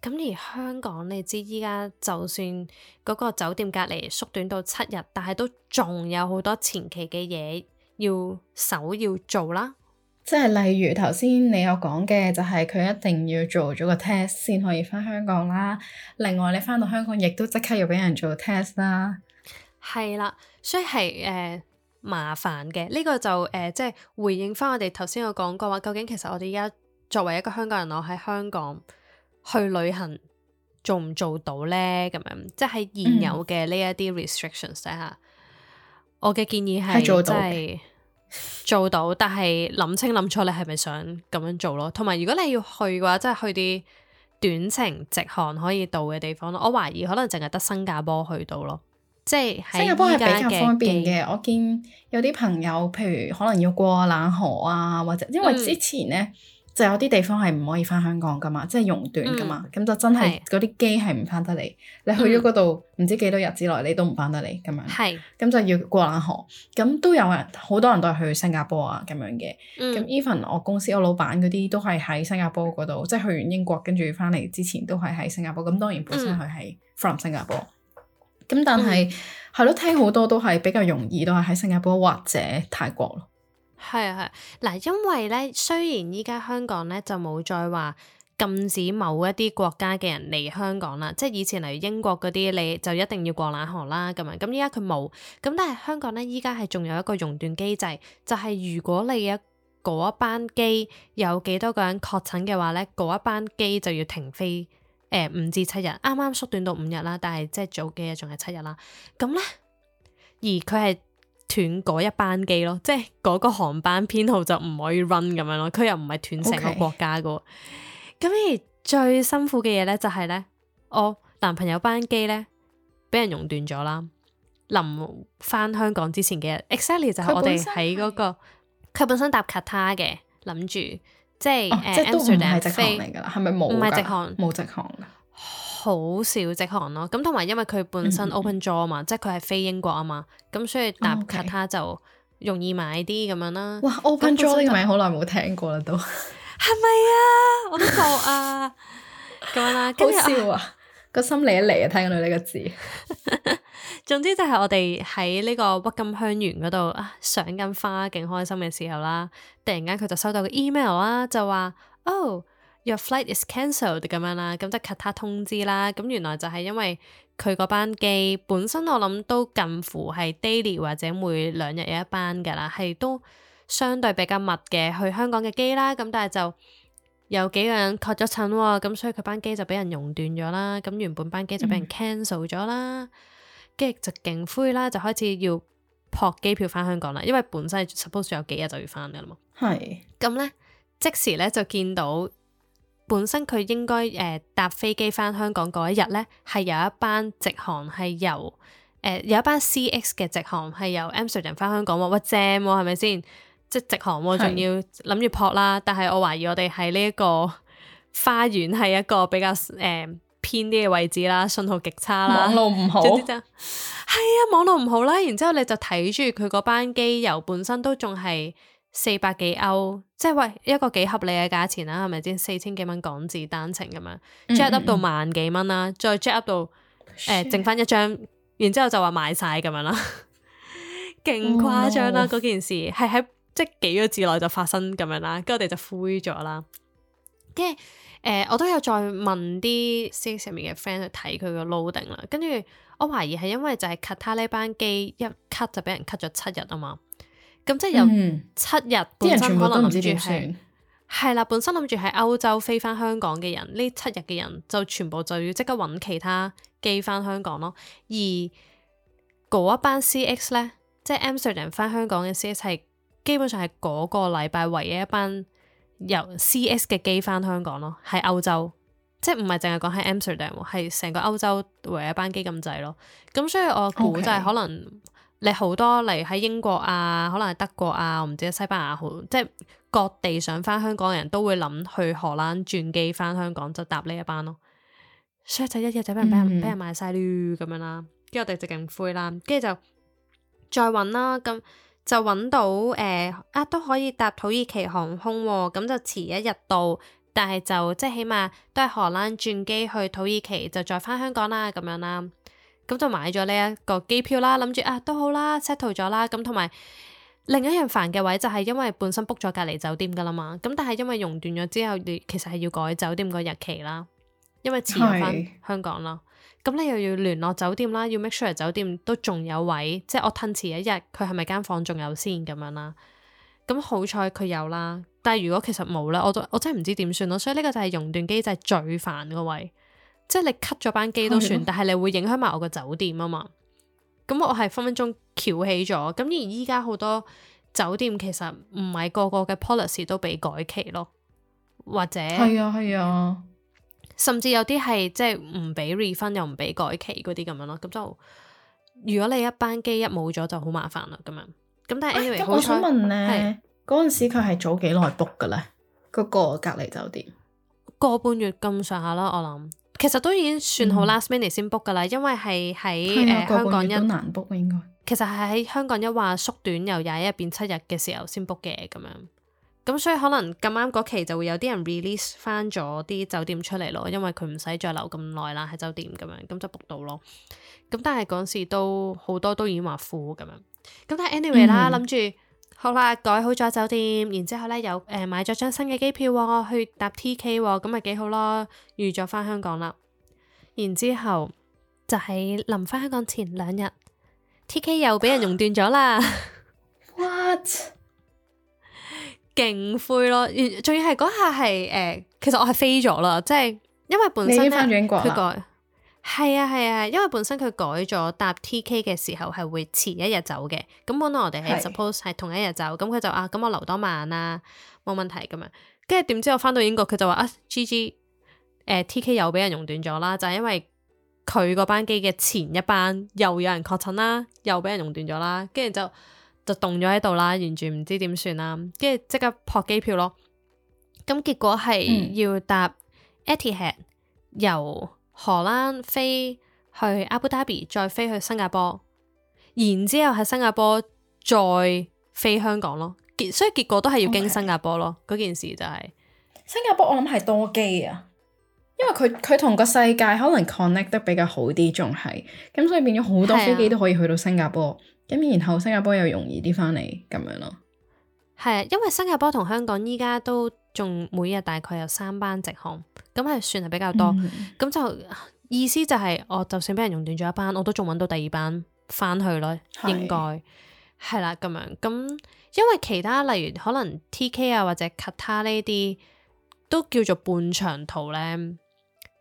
咁而香港你知依家就算嗰個酒店隔離縮短到七日，但係都仲有好多前期嘅嘢。要手要做啦，即係例如頭先你有講嘅，就係佢一定要做咗個 test 先可以翻香港啦。另外你翻到香港亦都即刻要俾人做 test 啦。係啦、啊，所以係誒、呃、麻煩嘅。呢、這個就誒、呃、即係回應翻我哋頭先有講過話，究竟其實我哋而家作為一個香港人，我喺香港去旅行做唔做到呢？咁樣即係現有嘅呢一啲 restrictions 底下、嗯，我嘅建議係真係。做到，但係諗清諗楚，你係咪想咁樣做咯？同埋如果你要去嘅話，即係去啲短程直航可以到嘅地方咯。我懷疑可能淨係得新加坡去到咯，即係新加坡係比較方便嘅。我見有啲朋友，譬如可能要過冷河啊，或者因為之前呢。嗯就有啲地方係唔可以翻香港噶嘛，即係熔斷噶嘛，咁、嗯、就真係嗰啲機係唔翻得嚟。嗯、你去咗嗰度，唔知幾多日之內，你都唔翻得嚟咁樣。係、嗯，咁就要過冷河。咁都有人，好多人都係去新加坡啊咁樣嘅。咁 even 我公司我老闆嗰啲都係喺新加坡嗰度，即係去完英國跟住翻嚟之前都係喺新加坡。咁當然本身佢係 from 新加坡。咁、嗯、但係係咯，聽好多都係比較容易，都係喺新加坡或者泰國咯。係啊係，嗱，因為咧，雖然依家香港咧就冇再話禁止某一啲國家嘅人嚟香港啦，即係以前嚟英國嗰啲你就一定要過冷河啦咁樣，咁依家佢冇，咁但係香港咧依家係仲有一個熔斷機制，就係、是、如果你一一班機有幾多個人確診嘅話咧，嗰一班機就要停飛，誒五至七日，啱啱縮短到五日啦，但係即係早幾日仲係七日啦，咁咧而佢係。斷嗰一班機咯，即係嗰個航班編號就唔可以 run 咁樣咯，佢又唔係斷成個國家噶。咁 Okay. 而最辛苦嘅嘢咧，就係咧，我男朋友班機咧俾人熔斷咗啦。臨返香港之前嘅日，exactly 就係我哋喺嗰個，佢本,、那個、本身搭卡塔嘅，諗住即係、哦呃、即係都唔係直航嚟噶啦，係咪冇？唔係直航，冇直航噶。好少直航咯，咁同埋因為佢本身 open draw 啊嘛，嗯、即係佢係非英國啊嘛，咁所以搭卡塔就容易買啲咁、哦 okay。樣啦。哇，哇，open draw 呢個名好耐冇聽過啦，都係咪啊？我都覺啊，咁 (laughs) 樣啦，好笑啊！個心理一嚟啊，聽到呢個字。 (laughs) 總之就係我哋喺呢個鬱金香園嗰度賞緊花，勁開心嘅時候啦，突然間佢就收到個 email 啊，就話哦。Your flight is cancelled 咁樣啦，咁即係 cut 他通知啦。咁原來就係因為佢嗰班機本身，我諗都近乎係 daily 或者每兩日有一班嘅啦，係都相對比較密嘅去香港嘅機啦。咁但係就有幾個人確咗診喎，喔，咁所以佢班機就俾人熔斷咗啦。咁原本班機就俾人 cancel 咗啦，跟住、嗯、就勁灰啦，就開始要撲機票翻香港啦，因為本身係 suppose 有幾日就要翻嘅啦嘛。係咁咧，即時咧就見到。本身佢應該誒、呃、搭飛機翻香港嗰一日咧，係有一班直航係由誒、呃、有一班 CX 嘅直航係由 Amsterdam 翻香港喎，哇正喎，係咪先？即係直航，仲、嗯呃啊啊、要諗住撲啦。但係我懷疑我哋喺呢一個花園係一個比較誒、呃、偏啲嘅位置啦，信號極差啦，網絡唔好。係 (laughs) 啊，網絡唔好啦。然之後你就睇住佢嗰班機由本身都仲係。四百幾歐，即係喂，一個幾合理嘅價錢啦，係咪先？四千幾蚊港紙單程咁樣，jack up 到萬幾蚊啦，再 jack up 到誒、呃，剩翻一張，然之後就話賣晒咁樣啦，勁誇張啦！嗰、oh、no，件事係喺即係幾個字之內就發生咁樣啦，跟住我哋就灰咗啦。跟住誒，我都有再問啲 CX 入面嘅 friend 去睇佢個 loading 啦，跟住我懷疑係因為就係 cut 他呢班機一 cut 就俾人 cut 咗七日啊嘛。咁即係有七日，嗯、本身可能諗住係係啦，本身諗住喺歐洲飛返香港嘅人，呢七日嘅人就全部就要即刻揾其他機返香港咯。而嗰一班 CX 呢，即係 Amsterdam 返香港嘅 CX 係基本上係嗰個禮拜唯一一班由 CX 嘅機返香港咯，喺歐洲，即係唔係淨係講喺 Amsterdam，係成個歐洲唯一一班機咁滯咯。咁所以我估就係可能。Okay. 你好多嚟喺英國啊，可能係德國啊，我唔知西班牙好，即係各地想翻香港嘅人都會諗去荷蘭轉機翻香港，就搭呢一班咯。所以一就一日就俾人俾人俾、嗯嗯、人買晒，劵咁樣啦，跟住我哋就勁灰啦，跟住就再揾啦，咁就揾到誒、呃、啊都可以搭土耳其航空喎、啊，咁就遲一日到，但係就即係起碼都係荷蘭轉機去土耳其就再翻香港啦咁樣啦。咁就買咗呢一個機票啦，諗住啊都好啦，settle 咗啦。咁同埋另一樣煩嘅位就係因為本身 book 咗隔離酒店㗎啦嘛，咁但係因為熔斷咗之後，其實係要改酒店個日期啦，因為遲返香港咯。咁是你又要聯絡酒店啦，要 make sure 酒店都仲有位，即係我吞遲一日，佢係咪間房仲有先咁樣啦？咁好彩佢有啦，但係如果其實冇咧，我都我真係唔知點算咯。所以呢個就係熔斷機制就係最煩個位。即係你 cut 咗班機都算，的但係你會影響埋我個酒店啊嘛。咁的我係分分鐘翹起咗。咁而依家好多酒店其實唔係個個嘅 policy 都俾改期咯，或者係啊係啊，甚至有啲係即係唔俾 refund 又唔俾改期嗰啲咁樣咯。咁就如果你一班機一冇咗就好麻煩啦。咁樣咁但係 Anyway，我想問咧，嗰陣好是時佢係早幾耐 book 嘅咧？嗰個隔離酒店個半月咁上下啦，我諗。其實都已經算好 last minute 先 book 噶啦，因為係喺誒香港一，嗯呃、難 book 應該。其實係喺香港一話縮短由廿一日變七日嘅時候先 book 嘅咁樣，咁所以可能咁啱嗰期就會有啲人 release 翻咗啲酒店出嚟咯，因為佢唔使再留咁耐啦喺酒店咁樣，咁就 book 到咯。咁但係嗰時都好多都已經話 full。咁樣，咁但係 anyway 啦諗住。嗯好啦，改好咗酒店，然之後咧又誒買咗張新嘅機票我去搭 TK，咁咪幾好咯，預咗翻香港啦。然之後就喺臨翻香港前兩日，TK 又俾人熔斷咗啦。What？勁灰咯，仲要係嗰下係誒，其實我係飛咗啦，即係因為本身咧佢改。係啊，係啊，因為本身佢改咗搭 T.K. 嘅時候係會遲一日走嘅，咁本來我哋係 suppose 係同一日走，咁佢是就啊，咁我留多晚啦、啊，冇問題咁樣。跟住點知我翻到英國，佢就話啊，G.G. 誒、呃、T.K. 又俾人熔斷咗啦，就係、是、因為佢個班機嘅前一班又有人確診啦，又俾人熔斷咗啦，跟住就就凍咗喺度啦，完全唔知點算啦，跟住即刻撲機票咯。咁結果係要搭 Etihad、嗯、由。荷蘭飛去阿布達比，再飛去新加坡，然之後喺新加坡再飛香港咯，結所以結果都係要經新加坡咯。嗰、oh my，件事就係、是、新加坡，我諗係多機啊，因為佢佢同個世界可能 connect 得比較好啲，仲係咁，所以變咗好多飛機都可以去到新加坡，咁、啊、然後新加坡又容易啲返嚟咁樣咯。係啊，因為新加坡同香港依家都。仲每日大概有三班直航，咁係算係比較多，咁、嗯、就意思就係、是、我就算俾人熔斷咗一班，我都仲揾到第二班翻去咯，應該係啦咁樣。咁因為其他例如可能 TK 啊或者其他呢啲都叫做半長途咧，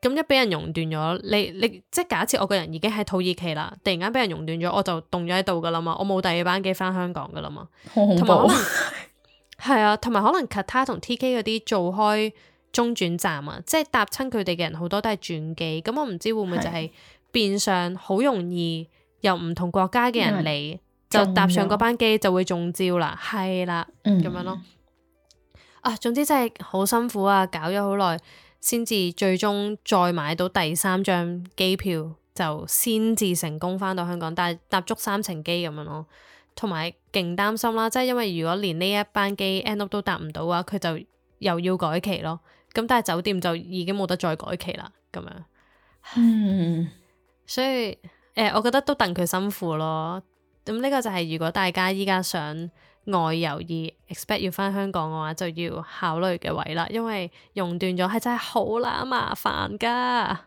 咁一俾人熔斷咗，你你即係假設我個人已經喺土耳其啦，突然間俾人熔斷咗，我就凍咗喺度噶啦嘛，我冇第二班機翻香港噶啦嘛，好恐怖 (laughs) 係啊，同埋可能 c 他同 TK 嗰啲做開中轉站啊，即係搭親佢哋嘅人好多都係轉機，咁我唔知會唔會就係變相好容易由唔同國家嘅人嚟，就搭上嗰班機就會中招啦，係啦、啊，咁、嗯、樣咯。啊，總之真係好辛苦啊，搞咗好耐先至最終再買到第三張機票就先至成功翻到香港，但係搭足三程機咁樣咯。同埋勁擔心啦，即係因為如果連呢一班機 end up 都搭唔到嘅話，佢就又要改期咯。咁但係酒店就已經冇得再改期啦。咁樣，嗯、所以誒、呃，我覺得都戥佢辛苦咯。咁、嗯、呢、這個就係如果大家依家想外遊而 expect 要返香港嘅話，就要考慮嘅位啦。因為熔斷咗係真係好難麻煩㗎，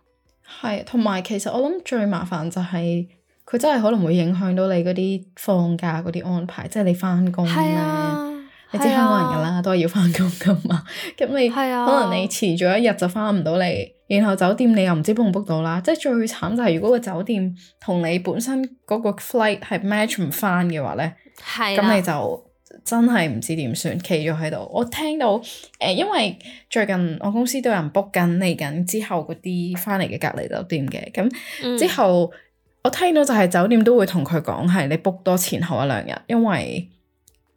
係同埋其實我諗最麻煩就係、是。佢真係可能會影響到你嗰啲放假嗰啲安排，即係你翻工咧。啊、你知香港人噶啦，啊、都係要翻工噶嘛。咁 (laughs) 你、啊、可能你遲咗一日就翻唔到嚟，然後酒店你又唔知 book 唔 book 到啦。即係最慘就係如果個酒店同你本身嗰個 flight 係 match 唔翻嘅話咧，咁、啊、你就真係唔知點算，企咗喺度。我聽到誒、呃，因為最近我公司都有人 book 緊嚟緊之後嗰啲翻嚟嘅隔離酒店嘅，咁之後。嗯我聽到就係酒店都會同佢講係你 book 多前後一兩日，因為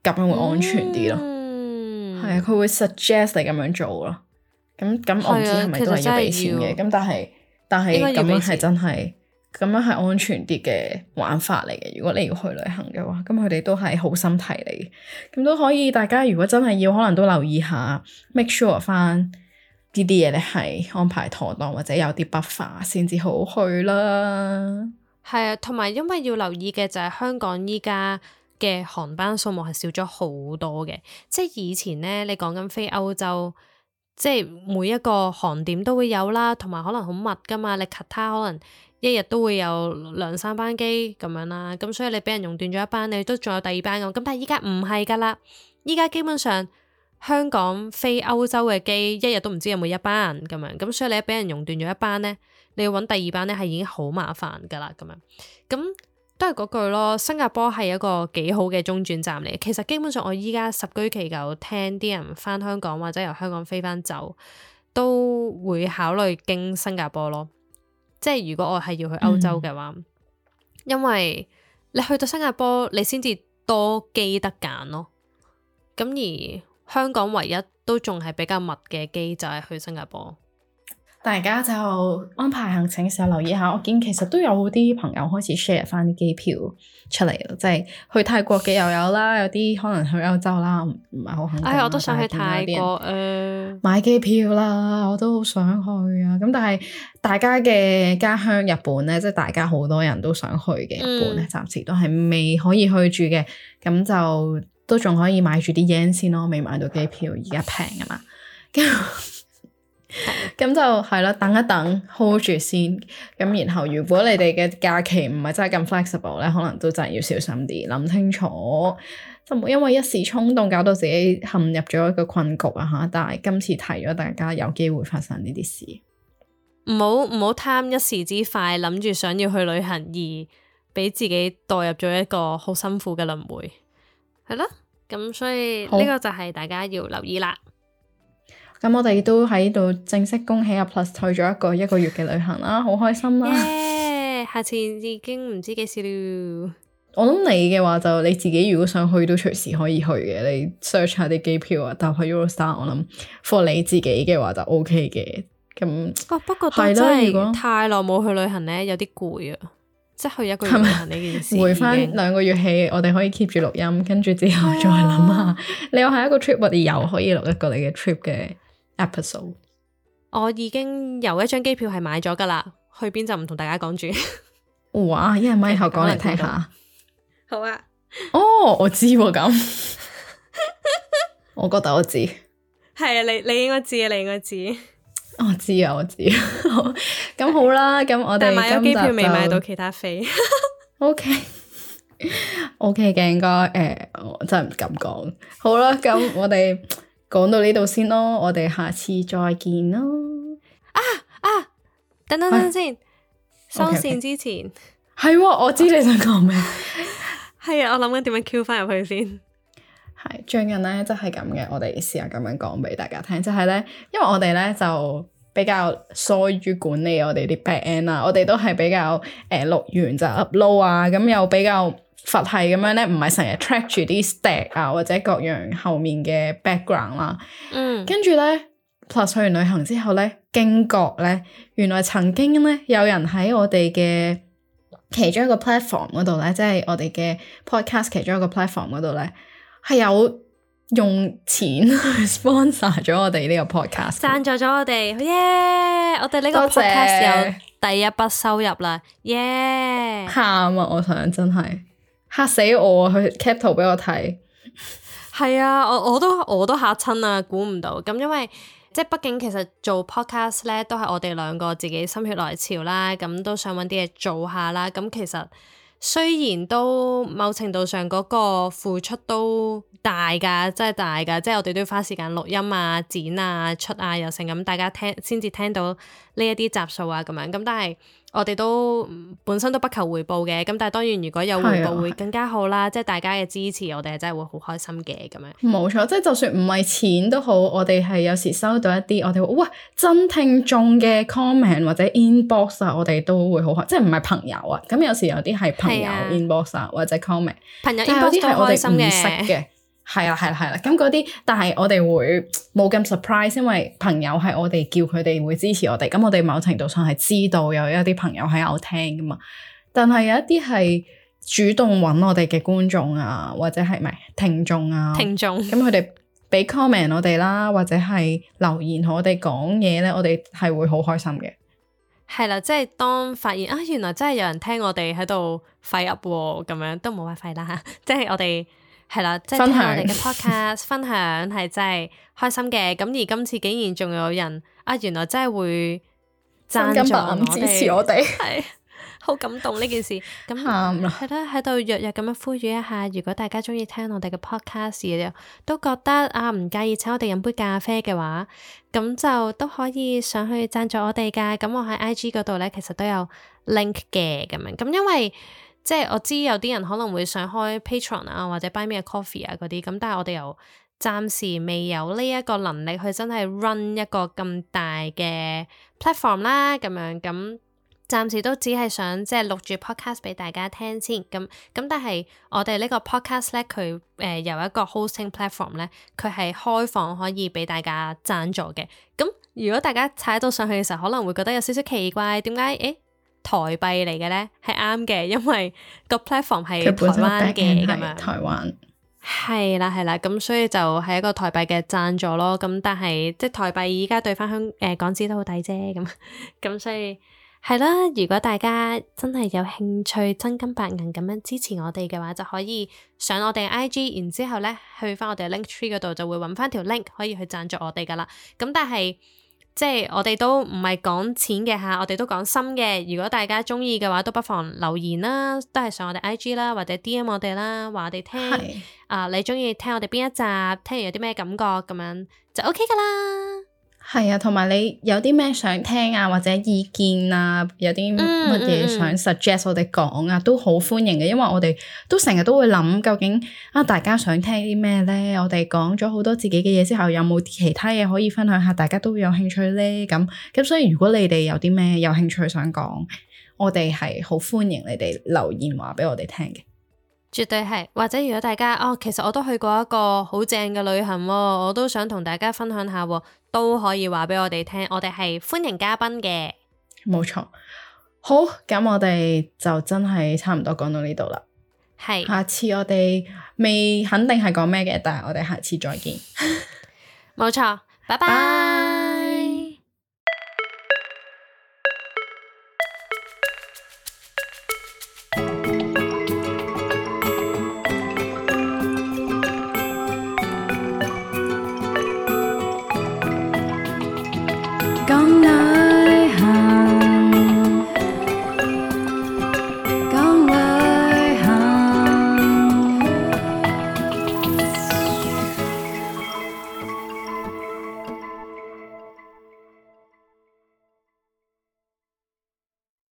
咁樣會安全啲咯。係啊、嗯，佢會 suggest 你咁、like、樣做咯。咁咁我唔知係咪都係要俾錢嘅。咁但係但係咁樣係真係咁樣係安全啲嘅玩法嚟嘅。如果你要去旅行嘅話，咁佢哋都係好心睇你，咁都可以。大家如果真係要，可能都留意下，make sure 翻呢啲嘢咧係安排妥當或者有啲 buffer 先至好去啦。係啊，同埋因為要留意嘅就係香港依家嘅航班數目係少咗好多嘅，即係以前咧，你講緊飛歐洲，即係每一個航點都會有啦，同埋可能好密噶嘛，你其他可能一日都會有兩三班機咁樣啦、啊，咁所以你俾人熔斷咗一班，你都仲有第二班咁，咁但係依家唔係噶啦，依家基本上香港飛歐洲嘅機一日都唔知有冇一班人咁樣、啊，咁所以你一俾人熔斷咗一班咧。你要揾第二班呢，係已經好麻煩噶啦，咁樣，咁都係嗰句咯。新加坡係一個幾好嘅中轉站嚟，其實基本上我依家十居其九聽啲人翻香港或者由香港飛翻走，都會考慮經新加坡咯。即係如果我係要去歐洲嘅話，嗯、因為你去到新加坡，你先至多機得揀咯。咁而香港唯一都仲係比較密嘅機就係去新加坡。大家就安排行程嘅時候留意下，我見其實都有啲朋友開始 share 翻啲機票出嚟，即係去泰國嘅又有啦，有啲可能去歐洲啦，唔唔係好肯定。哎，我都想去泰國誒，呃、買機票啦，我都好想去啊。咁但係大家嘅家鄉日本咧，即係大家好多人都想去嘅，嗯、日本咧暫時都係未可以去住嘅，咁就都仲可以買住啲 yen 先咯，未買到機票，而家平啊嘛。 (laughs) 咁 (laughs) 就係咯，等一等 hold 住先，咁然後如果你哋嘅假期唔係真係咁 flexible 咧，可能都真係要小心啲，諗清楚，就唔好因為一時衝動搞到自己陷入咗一個困局啊吓！但係今次提咗大家，有機會發生呢啲事，唔好唔好貪一時之快，諗住想要去旅行而俾自己代入咗一個好辛苦嘅輪回，係咯，咁所以呢個就係大家要留意啦。咁我哋都喺度正式恭喜阿、啊、Plus 去咗一個一個月嘅旅行啦，好開心啦、啊！Yeah，下次已經唔知幾時了。我諗你嘅話就你自己如果想去都隨時可以去嘅，你 search 下啲機票啊，搭去 Eurostar。我諗 for 你自己嘅話就 O K 嘅。咁、哦、不過不過，真係果太耐冇去旅行咧，有啲攰啊！即係去一個月旅行呢件事， (laughs) 回翻兩個月起，我哋可以 keep 住錄音，跟住之後再諗下。哎、呀 (laughs) 你有下一個 trip，我哋又可以錄一個你嘅 trip 嘅。episode，我已經有一張機票係買咗噶啦，去邊就唔同大家講住。 (laughs) 哇，聽聽一係咪以後講嚟聽下。 (music) 好啊。哦，oh, 我知喎，咁、啊。 (laughs) 我覺得我知。係 (laughs) 啊，你你應該知啊，你應該知。我知啊，我知啊。咁 (laughs) (laughs) 好啦吧，咁對我哋買咗機票，未買到其他飛。O K，O K 嘅應該，誒、呃，我真係唔敢講。好啦，咁我哋。 (laughs) 講到呢度先咯，我哋下次再見咯。啊啊，等等等先，收、啊、綫之前係我知你想講咩？係 Okay okay. 啊，我諗緊、 (laughs) 啊、點樣 Q 翻入去先。係最近咧，真係咁嘅。我哋試下咁樣講俾大家聽，即係咧，因為我哋咧就比較疏於管理我哋啲 band 啊，我哋都係比較誒錄、呃、完就 upload 啊，咁又比較。佛係咁樣咧，唔係成日 track 住啲 stack 啊，或者各樣後面嘅 background 啦。嗯，跟住咧，Plus 去完旅行之後咧，驚覺咧，原來曾經咧有人喺我哋嘅其中一個 platform 嗰度咧，即係我哋嘅 podcast 其中一個 platform 嗰度咧，係有用錢去 sponsor 咗我哋呢個 podcast，讚助咗我哋 yeah！我哋呢個 podcast 謝有第一筆收入啦 yeah！喊啊！我想真係。嚇死我啊！佢 cap 圖俾我睇，係啊，我我都我都嚇親啊，估唔到。咁因為即係，畢竟其實做 podcast 咧，都係我哋兩個自己心血來潮啦。咁都想揾啲嘢做下啦。咁其實雖然都某程度上嗰個付出都大噶，真係大噶。即係我哋都要花時間錄音啊、剪啊、出啊，又成咁大家聽先至聽到呢一啲集數啊，咁樣咁，但係我哋都本身都不求回報嘅，咁但係當然如果有回報會更加好啦，的即係大家嘅支持，我哋真係會好開心嘅咁樣。冇錯，即係就算唔係錢都好，我哋係有時收到一啲我哋話真聽眾嘅 comment 或者 inbox 啊，我哋都會好開，即係唔係朋友啊？咁有時有啲係朋友 inbox 啊的或者 comment，朋友 inbox 係我哋唔識嘅。係啦，係啦，係啦。咁嗰啲，但係我哋會冇咁 surprise，因為朋友係我哋叫佢哋會支持我哋。咁我哋某程度上係知道有一啲朋友喺度聽噶嘛。但係有一啲係主動揾我哋嘅觀眾啊，或者係咪聽眾啊？聽眾。咁佢哋俾 comment 我哋啦，或者係留言同我哋講嘢咧，我哋係會好開心嘅。係啦，即係當發現啊，原來真係有人聽我哋喺度廢噏咁樣都，都冇乜廢啦即係我哋。係啦，即係聽我哋嘅 podcast，分享係真係開心嘅。咁而今次竟然仲有人啊，原來真係會贊助支持我哋，係好感動呢件事。咁係啦，喺度弱弱咁樣呼籲一下，如果大家中意聽我哋嘅 podcast，都覺得啊唔介意請我哋飲杯咖啡嘅話，咁就都可以上去贊助我哋噶。咁我喺 IG 嗰度咧，其實都有 link 嘅咁樣。咁因為。即係我知有啲人可能會想開 Patreon 啊，或者 Buy Me a Coffee 啊嗰啲咁，但係我哋又暫時未有呢一個能力去真係 run 一個咁大嘅 platform 啦，咁樣咁暫時都只係想即係錄住 podcast 俾大家聽先，咁咁但係我哋呢個 podcast 咧，佢誒有一個 hosting platform 咧，佢係開放可以俾大家贊助嘅。咁如果大家踩到上去嘅時候，可能會覺得有少少奇怪，點解誒？欸台幣嚟嘅呢係啱嘅，因為個 platform 係台，台灣嘅咁樣。台灣係啦係啦，咁所以就係一個台幣嘅贊助咯。咁但係即係台幣依家對翻香、呃、港紙都好抵啫。咁咁所以係啦。如果大家真係有興趣真金白銀咁樣支持我哋嘅話，就可以上我哋 IG，然之後呢，去翻我哋 link tree 嗰度就會揾翻條 link 可以去贊助我哋噶啦。咁但係。即係我哋都唔係講錢嘅吓，我哋都講心嘅。如果大家中意嘅話，都不妨留言啦，都係上我哋 IG 啦，或者 DM 我哋啦，話我哋聽。啊是、呃，你中意聽我哋邊一集？聽完有啲咩感覺咁樣就 OK 噶啦。係啊，同埋你有啲咩想聽啊，或者意見啊，有啲乜嘢想 suggest 我哋講啊，嗯嗯嗯都好歡迎嘅。因為我哋都成日都會諗，究竟啊大家想聽啲咩呢？我哋講咗好多自己嘅嘢之後，有冇其他嘢可以分享下？大家都會有興趣呢？咁咁，所以如果你哋有啲咩有興趣想講，我哋係好歡迎你哋留言話俾我哋聽嘅。絕對係，或者如果大家哦，其實我都去過一個好正嘅旅行喎，我都想同大家分享下喎。都可以話俾我哋聽，我哋係歡迎嘉賓嘅，冇錯。好，咁我哋就真係差唔多講到呢度啦。係是，下次我哋未肯定係講咩嘅，但係我哋下次再見。冇 (laughs) 錯，拜拜。